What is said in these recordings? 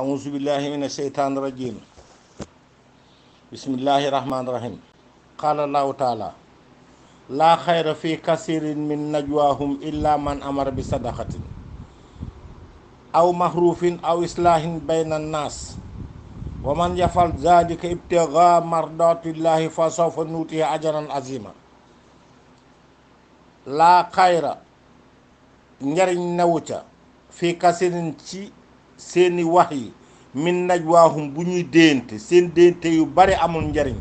أعوذ بالله من الشيطان الرجيم بسم الله الرحمن الرحيم قال الله تعالى لا خير في كثير من نجواهم إلا من أمر بصدقة أو مخروف أو إصلاح بين الناس ومن يفعل ذلك ابتغاء مرضات الله فسوف نؤتيه أجرا عظيما لا خير njariñ نوتا في كثير seeni wax yi min najwaahum bu ñuy déente seen déente yu bari amul njariñ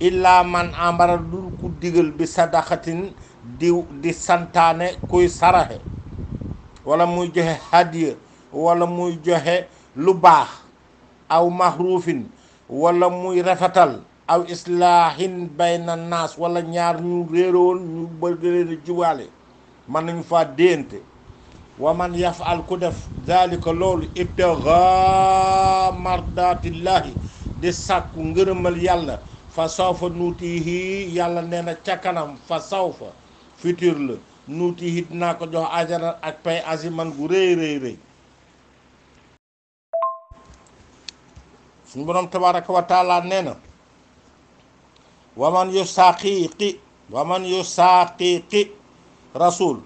illaa man amara dul ku digal bi sadaxatin di di santaane kuy saraxe wala muy joxe hadiya walla muy joxe lu baax aw maxruufin wala muy rafetal aw islaahin bayna naas wala ñaar ñu réeroon ñu bëgg leen a jubaale nañu faa déente ومن يفعل كدف ذلك لول ابتغاء مرضات الله دي ساك غرمل يالا فسوف نوتيه يالا نينا تاكانام فسوف فيتيرل نوتيه ناكو جو اجر اك باي ازيمان غو ري ري ري سنبرم تبارك وتعالى نينا ومن يساقيقي ومن يساقيقي رسول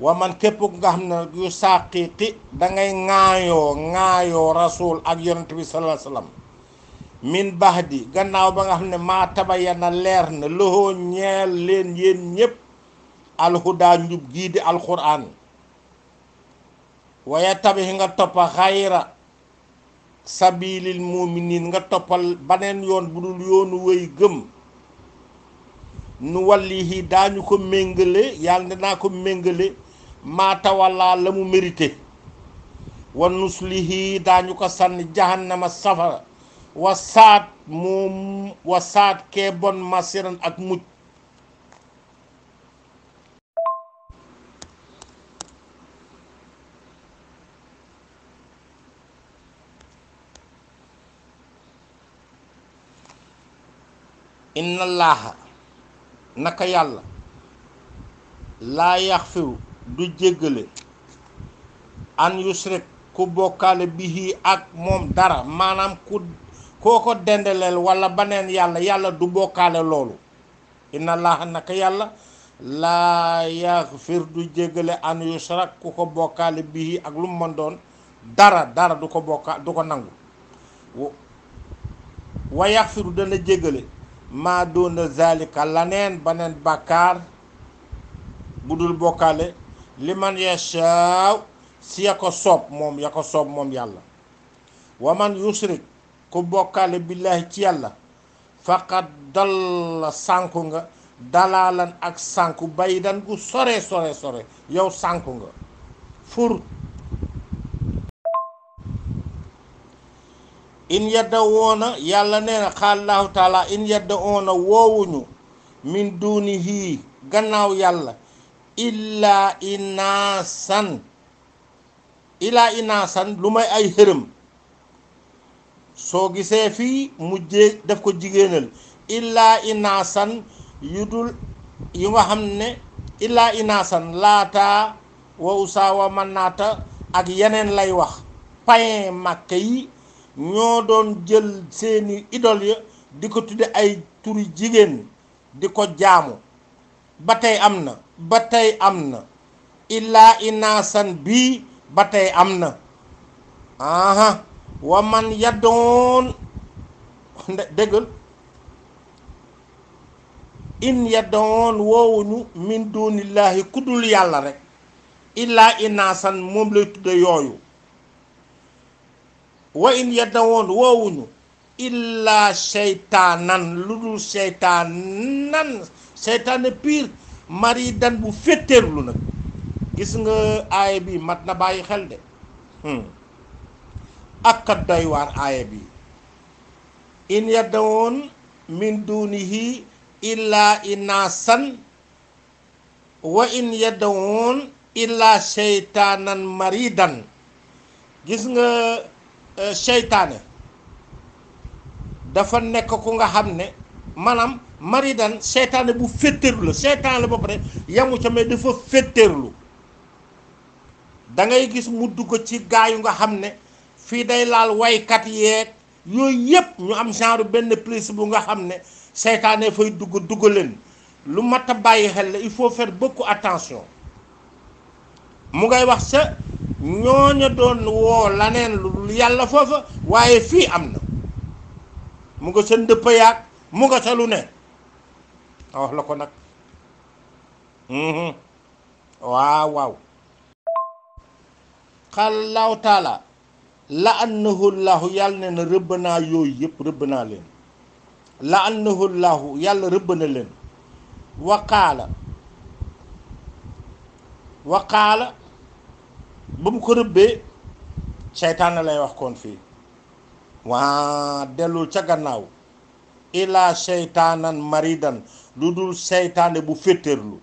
wa man képp nga xamna yu saqiqi da ngay ngaayo ngaayo rasul ak yaronte bi alayhi wasallam min bahdi gannaaw ba nga xamne ma maa tabayana leer na loxoo ñeel leen ñep al huda ñub gi di alquran waya tabi nga top xayra sabilil muminin nga topal banen yoon budul dul yoonu wëy gëm nu wallihi dañu ko méngale yalla ko maa tawallaa la mu mérité wa nuslihi daañu ko sànni jahannama safara wa saat moom wa saat kee bon masiran ak mucc inna laaha naka yàlla laa yaxfiru du jéggale an yusrik ku bokkaale bihi ak moom dara maanaam ku koo ko dendeleel wala baneen yàlla yàlla du bokkaale loolu inna allaha naka yàlla laa yaxfir du jéggale an yusrak ku ko bokkaale bihi ak lu mu mën doon dara dara du ko bokka du ko nangu wa yaxfiru dana jéggale maa doona zalika laneen baneen bàkkaar bu dul bokkaale li man yashaaw si ya ko soob moom ya ko soob moom yàlla wa man ku bokkaale billaahi ci yàlla faqat dalla sànku nga dalaalan ak sànku baydan gu sore sore sore yow sànku nga fur in yadda woona yàlla nee na xaallahu taala in yadda woona woowuñu min duunihi gannaaw yàlla illaa inaasan illaa inaasan lu may ay xërëm soo gisee fii mujjee daf ko jigéenal illaa inaasan yu dul yu nga xam ne illaa inaasan laata wa usaa wa manaata ak yeneen lay wax païen makk yi ñoo doon jël seeni idole ya di ko tudde ay turi jigéen di ko jaamu ba tey am na ba tey am na illaa inaasan bii ba tey am na aha wa man yadoon déggal in yadoon woowuñu min dunillahi kudul yàlla rek illaa inaasan moom lay tudde yooyu wa in yadoon woowuñu illaa seytaanan lu dul seytaanan seytaane pire maridan dan bu féttéerlu nag gis nga aaya bi mat na bàyyi xel de hmm. ak kat doy aaya bi in yaddawoon min dunihi illaa inaasan wa in yaddawoon illaa seytaanan maridan gis nga eh, seytaane dafa nekk ku nga xam ne maanaam maridan setan bu fetterlu la seytaan la ba pare yamu ci mais dafa fetterlu da ngay gis muddu ko ci gaayu nga xamne fi day laal way kat yeeg yooyu yëpp ñu am genre benn place bu nga xamne setané fay dugg dugg leen lu mata a xel la il faut faire beaucoup attention mu ngay wax sa ñoña doon wo lanen lu yàlla foofa waaye fii am mu nga sen de yaag mu nga ca ne a wax la ko nag mhm. waaw waaw xaal laahu taala la annahu laahu yàlla ne na rëbb naa yooyu yëpp rëbb naa leen la annahu laahu yàlla rëbb na leen waqaala waqaala ba mu ko rëbbee seytaane lay wax koon fii waa dellul ca gannaaw ilaa seytaanan maridan lu dul seytaane bu féttéerlu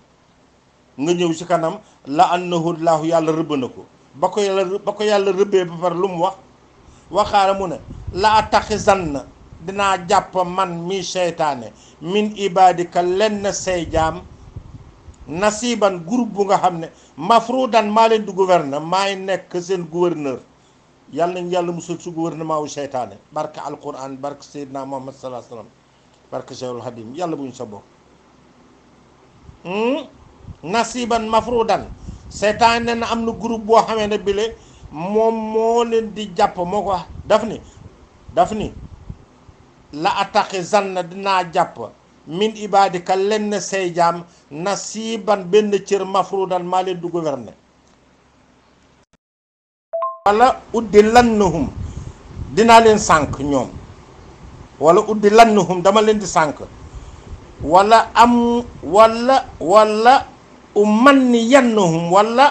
nga ñëw ci kanam la annahu laahu yàlla rëbb na ko ba ko yàlla ba rëbbee ba pare lu mu wax waxaara mu ne laa la attaxisanna dinaa jàpp man mi seytaane min ibadika lenn say jaam nasiban groupe bu nga xam ne mafrudan maa leen di gouverneur maay nekk seen gouverneur yàlla nañ yàlla musal su gouvernement wu seytaane barke alquran barke seydina muhammad salaa salaam barke Seexul Xadim yàlla bu sa bokk hmm? nasiban mafrudan na am boo xamee ne bile moom moo ni la attaqué zanna dinaa jàpp min ibadika lenn say jaam du gouverner wala uddi lannahum dinaa leen sànk ñoom wala uddi lannahum dama leen di sànq wala am wala wala u man ni yannahum wala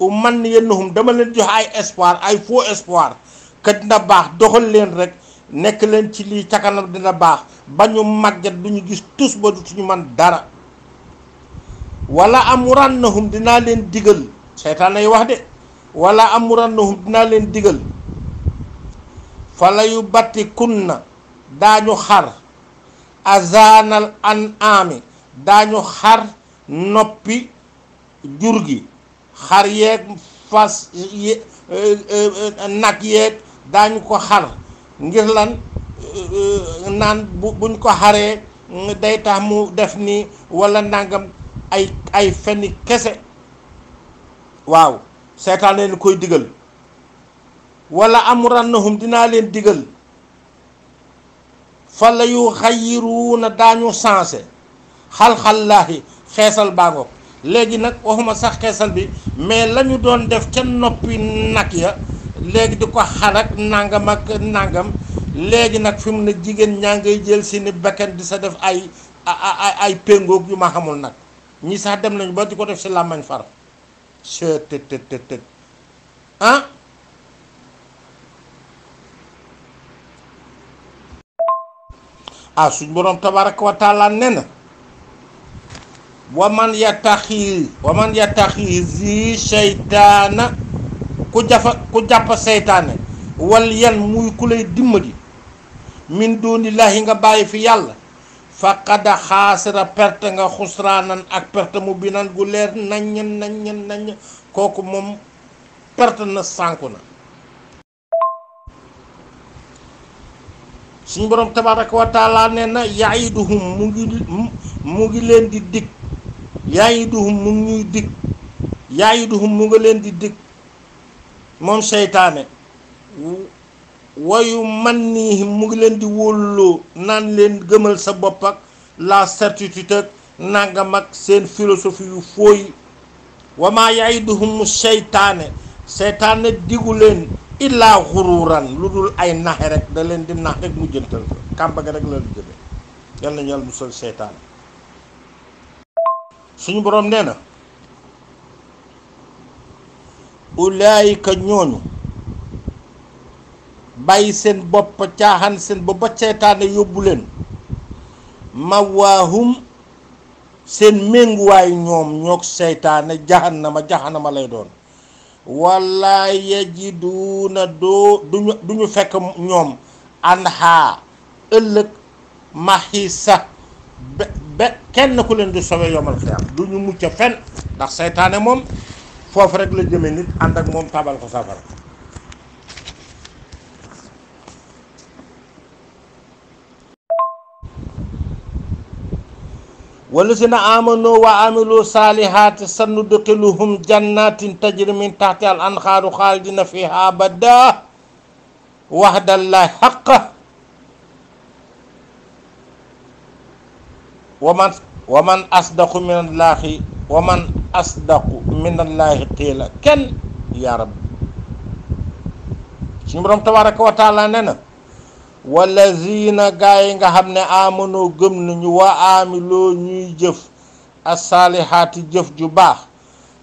u man ni yannahum dama leen jox ay espoir ay faux espoir que dina baax doxal leen rek nekk leen ci lii ca dina baax ba ñu màgget du ñu gis tus ba du ñu man dara wala amurannahum dinaa leen digal seytaan ay wax de wala amurannahum dinaa leen digal fala yu batti kunna daañu xar azaanal an aami daañu xar noppi jur gi xar yeeg fas e, e, e, nag yeeg daañu ko xar ngir lan naan bu buñ ko xaree mm, day tax mu def nii wala nangam ay ay fenn kese waaw seetaan leen koy digal am amurannahum dinaa leen digal fa la yu na daañu sensé xal-xallaahi xeesal baa ngoog léegi nag waxuma sax xeesal bi mais la doon def ca noppi nag ya léegi di ko xarak nangam ak nangam léegi nag fi mu ne jigéen ñaa ngay jël seeni bekken di sa def ay ay ay yu ma xamul nag ñi sax dem nañu ba di ko def si làmmañ far. ah ah suñ boroom tabaraka wa taala ne na waman yattaxi waman yattaxizi seytaana ku jafa ku jàppa seytaane wal yan muy ku lay dimbali min dunillahi nga bàyyi fi yàlla faqada xaasira perte nga xusraanan ak perte mu binan gu leer naññ naññ naññ kooku moom perte na sànku na suñu boroom tabaaraka wa taala nee na yaiduhum mu ngi mu ngi leen di dig yaiduhum mu ngi ñuy dig mu ngi leen di dig moom seytaane wayu man nii mu ngi leen di wóolloo naan leen gëmal sa bopp la certitude ak nangam ak seen philosophie yu fooy wamaa mu seytaane seytaane digu leen illaa xuruuran lu dul ay naxe rek da leen di nax rek mu jëntal ko ga rek la lu jëme yal nañu yàlla musal seytaan suñu boroom nee na ulaayika ñooñu bàyyi seen bopp caaxaan seen bopp ba seytaane yóbbu leen mawaahum seen ménguwaay ñoom ñoog seytaane jahannama jahannama lay doon du na doo duñu duñu fekk ñoom anha ëllëg mahisa be be kenn ku leen di sowe yomal du ñu mucc fenn ndax seytaane moom foofu rek la jëme nit ànd ak moom tabal ko safara والذين آمنوا وعملوا صالحات سندخلهم جنات تجري من تحت الأنهار خالدين فيها أبدا وحد الله حق ومن ومن أصدق من الله ومن أصدق من الله قيل كن يا رب سيمرم تبارك وتعالى ننه wallazina gaa yi nga xam ne amanoo gëm nañu waa aamiloo ñuy jëf assaalihaati jëf ju baax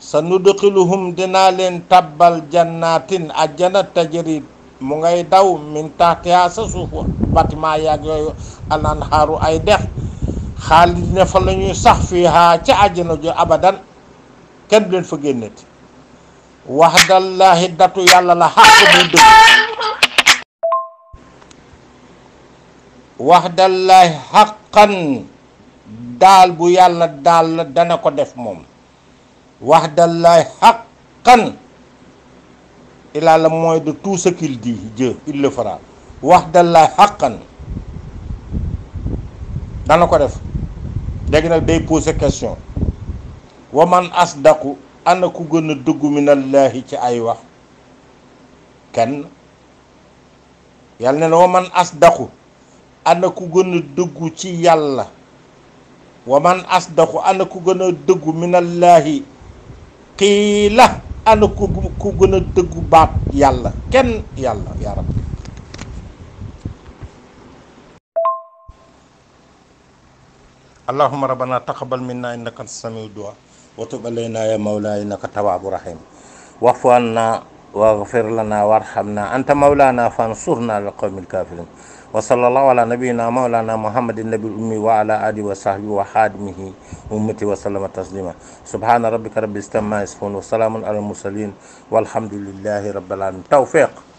sa nudxiluhum dinaa leen tabbal jannaatin ajjana tajari mu ngay daw min taxtiha sa suuf wa bâtiment yaag yooyu alaan xaaru ay dex xaalit ne fa la sax fii haa ca ajjana ju abadan kenn leen fa génnati wax dallahi datu yàlla la xaq bu dëgg wax dallahi xaqan daal bu yàlla daal la dana ko def moom wax dallahi xaqan il mooy le moyen de tout il le fera wax dallahi xaqan dana ko def léegi nag day poser question wa asdaqu ana ku gën a dëggu minallaahi ci ay wax kenn yàlla ne la wa man asdaqu ana ku gën a dëggu ci yàlla wa man asdaqu ana ku gën a dëggu minallaahi qiila ana ku ku gën a dëggu baat yàlla kenn yàlla yaa rabbi اللهم ربنا تقبل منا انك انت السميع الدعاء وتب علينا يا مولاي انك تواب رحيم واعف عنا واغفر لنا وارحمنا أنت مولانا فانصرنا للقوم الكافرين وصلى الله على نبينا مولانا محمد النبي الأمي وعلى آله وصحبه وحادمه أمتي وسلم تسليما سبحان ربك رب استمع عما يصفون وسلام على المرسلين والحمد لله رب العالمين توفيق